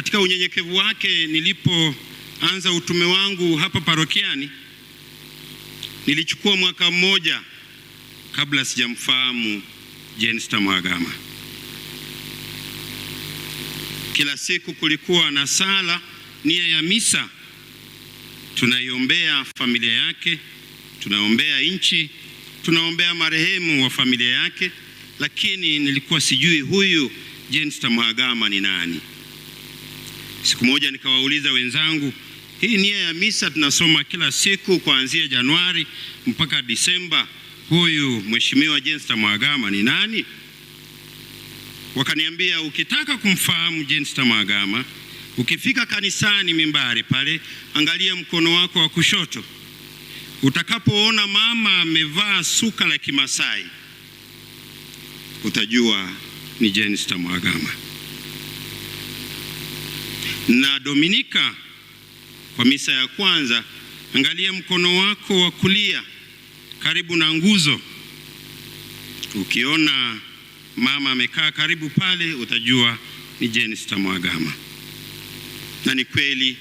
Katika unyenyekevu wake, nilipoanza utume wangu hapa parokiani, nilichukua mwaka mmoja kabla sijamfahamu Jenista Mhagama. Kila siku kulikuwa na sala, nia ya misa, tunaiombea familia yake, tunaombea nchi, tunaombea marehemu wa familia yake, lakini nilikuwa sijui huyu Jenista Mhagama ni nani. Siku moja nikawauliza wenzangu, hii nia ya misa tunasoma kila siku kuanzia Januari mpaka Disemba, huyu mheshimiwa Jenista Mhagama ni nani? Wakaniambia, ukitaka kumfahamu Jenista Mhagama, ukifika kanisani mimbari pale, angalia mkono wako wa kushoto, utakapoona mama amevaa suka la Kimasai utajua ni Jenista Mhagama na Dominika kwa misa ya kwanza, angalia mkono wako wa kulia karibu na nguzo. Ukiona mama amekaa karibu pale, utajua ni Jenista Mhagama. Na ni kweli,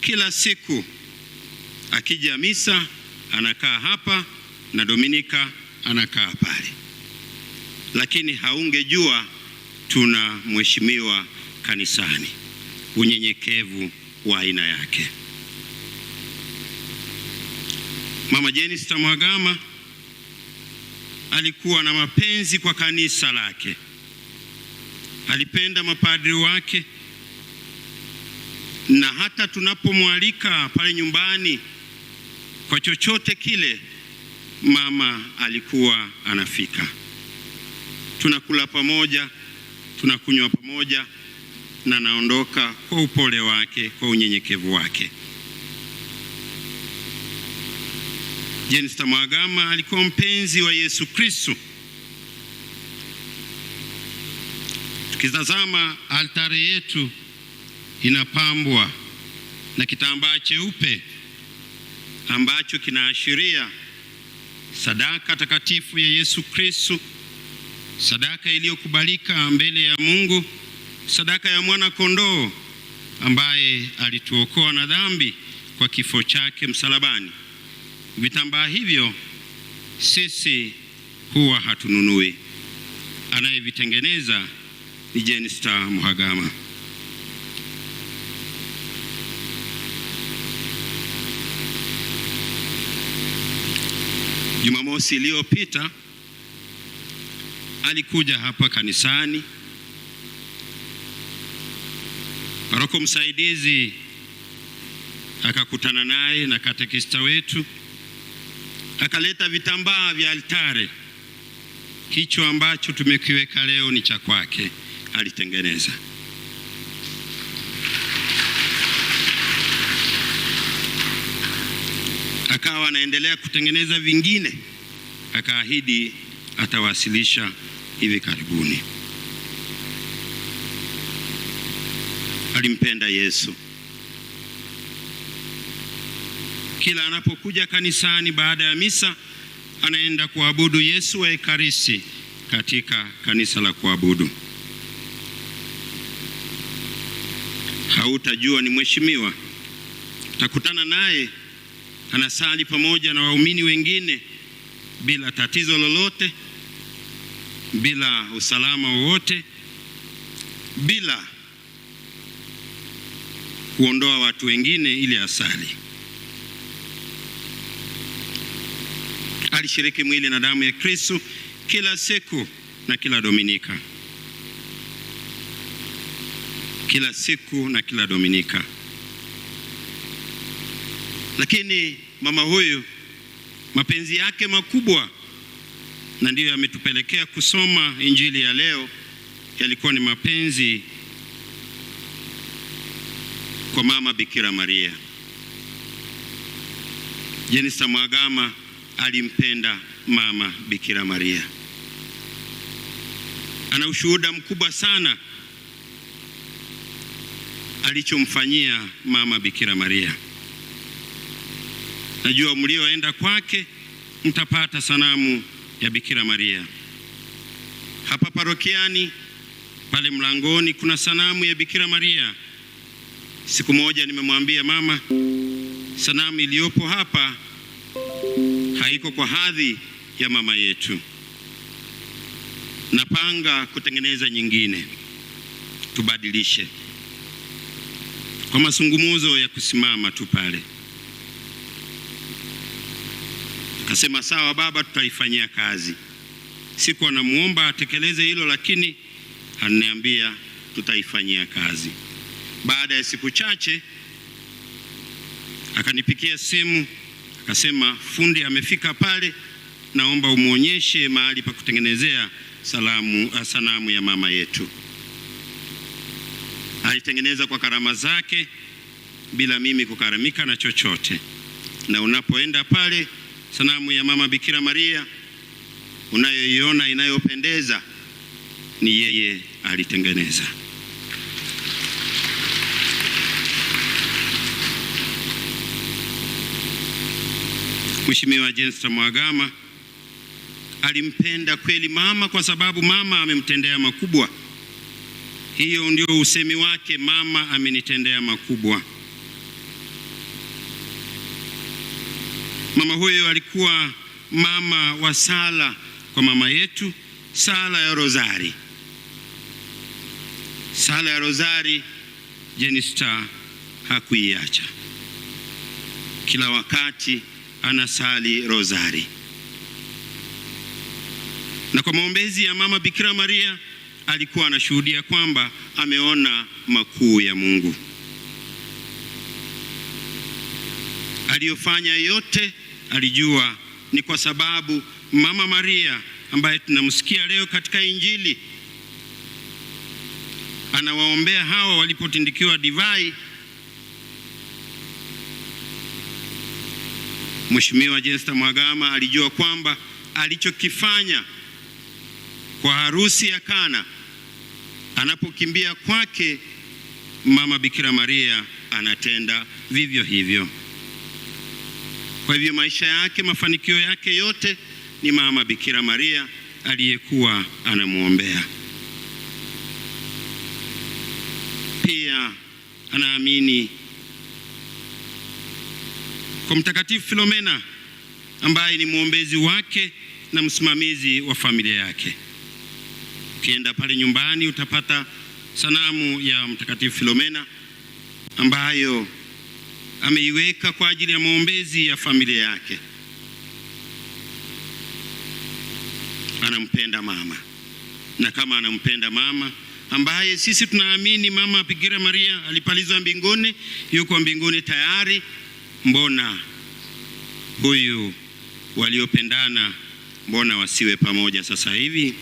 kila siku akija misa anakaa hapa na Dominika anakaa pale, lakini haungejua tuna mheshimiwa kanisani unyenyekevu wa aina yake. Mama Jenista Mhagama alikuwa na mapenzi kwa kanisa lake, alipenda mapadri wake, na hata tunapomwalika pale nyumbani kwa chochote kile, mama alikuwa anafika. Tunakula pamoja, tunakunywa pamoja na naondoka kwa upole wake, kwa unyenyekevu wake. Jenista Mhagama alikuwa mpenzi wa Yesu Kristo. Tukitazama altari yetu inapambwa na kitambaa cheupe ambacho kinaashiria sadaka takatifu ya Yesu Kristo, sadaka iliyokubalika mbele ya Mungu sadaka ya mwana kondoo ambaye alituokoa na dhambi kwa kifo chake msalabani. Vitambaa hivyo sisi huwa hatununui, anayevitengeneza ni Jenista Mhagama. Jumamosi iliyopita alikuja hapa kanisani paroko msaidizi akakutana naye na katekista wetu, akaleta vitambaa vya altare. Hicho ambacho tumekiweka leo ni cha kwake, alitengeneza. Akawa anaendelea kutengeneza vingine, akaahidi atawasilisha hivi karibuni. alimpenda Yesu. Kila anapokuja kanisani baada ya misa, anaenda kuabudu Yesu wa Ekaristi katika kanisa la kuabudu. Hautajua ni mheshimiwa, utakutana naye anasali pamoja na waumini wengine bila tatizo lolote, bila usalama wowote, bila kuondoa watu wengine ili asali. Alishiriki mwili na damu ya Kristo kila siku na kila Dominika, kila siku na kila Dominika. Lakini mama huyu mapenzi yake makubwa, na ndiyo yametupelekea kusoma injili ya leo, yalikuwa ni mapenzi kwa mama Bikira Maria. Jenista Mhagama alimpenda mama Bikira Maria. Ana ushuhuda mkubwa sana alichomfanyia mama Bikira Maria. Najua mlioenda kwake mtapata sanamu ya Bikira Maria. Hapa parokiani pale mlangoni kuna sanamu ya Bikira Maria Siku moja nimemwambia mama, sanamu iliyopo hapa haiko kwa hadhi ya mama yetu, napanga kutengeneza nyingine, tubadilishe. Kwa mazungumzo ya kusimama tu pale, akasema sawa baba, tutaifanyia kazi. Siku anamwomba atekeleze hilo, lakini ananiambia tutaifanyia kazi. Baada ya siku chache akanipikia simu akasema, fundi amefika pale, naomba umwonyeshe mahali pa kutengenezea salamu, ah, sanamu ya mama yetu. Alitengeneza kwa karama zake bila mimi kukaramika na chochote, na unapoenda pale sanamu ya mama Bikira Maria unayoiona inayopendeza ni yeye alitengeneza. Mheshimiwa Jenista Mhagama alimpenda kweli mama, kwa sababu mama amemtendea makubwa. Hiyo ndio usemi wake, mama amenitendea makubwa. Mama huyo alikuwa mama wa sala kwa mama yetu, sala ya Rozari, sala ya Rozari Jenista hakuiacha kila wakati anasali rozari. Na kwa maombezi ya mama Bikira Maria alikuwa anashuhudia kwamba ameona makuu ya Mungu aliyofanya yote, alijua ni kwa sababu mama Maria ambaye tunamsikia leo katika Injili anawaombea hawa walipotindikiwa divai Mheshimiwa Jenista Mhagama alijua kwamba alichokifanya kwa harusi ya Kana, anapokimbia kwake mama Bikira Maria anatenda vivyo hivyo. Kwa hivyo maisha yake, mafanikio yake yote ni mama Bikira Maria aliyekuwa anamwombea. Pia anaamini kwa Mtakatifu Filomena ambaye ni mwombezi wake na msimamizi wa familia yake. Ukienda pale nyumbani utapata sanamu ya Mtakatifu Filomena ambayo ameiweka kwa ajili ya maombezi ya familia yake. Anampenda mama, na kama anampenda mama ambaye sisi tunaamini mama Bikira Maria alipalizwa mbinguni, yuko mbinguni tayari mbona huyu waliopendana mbona wasiwe pamoja sasa hivi?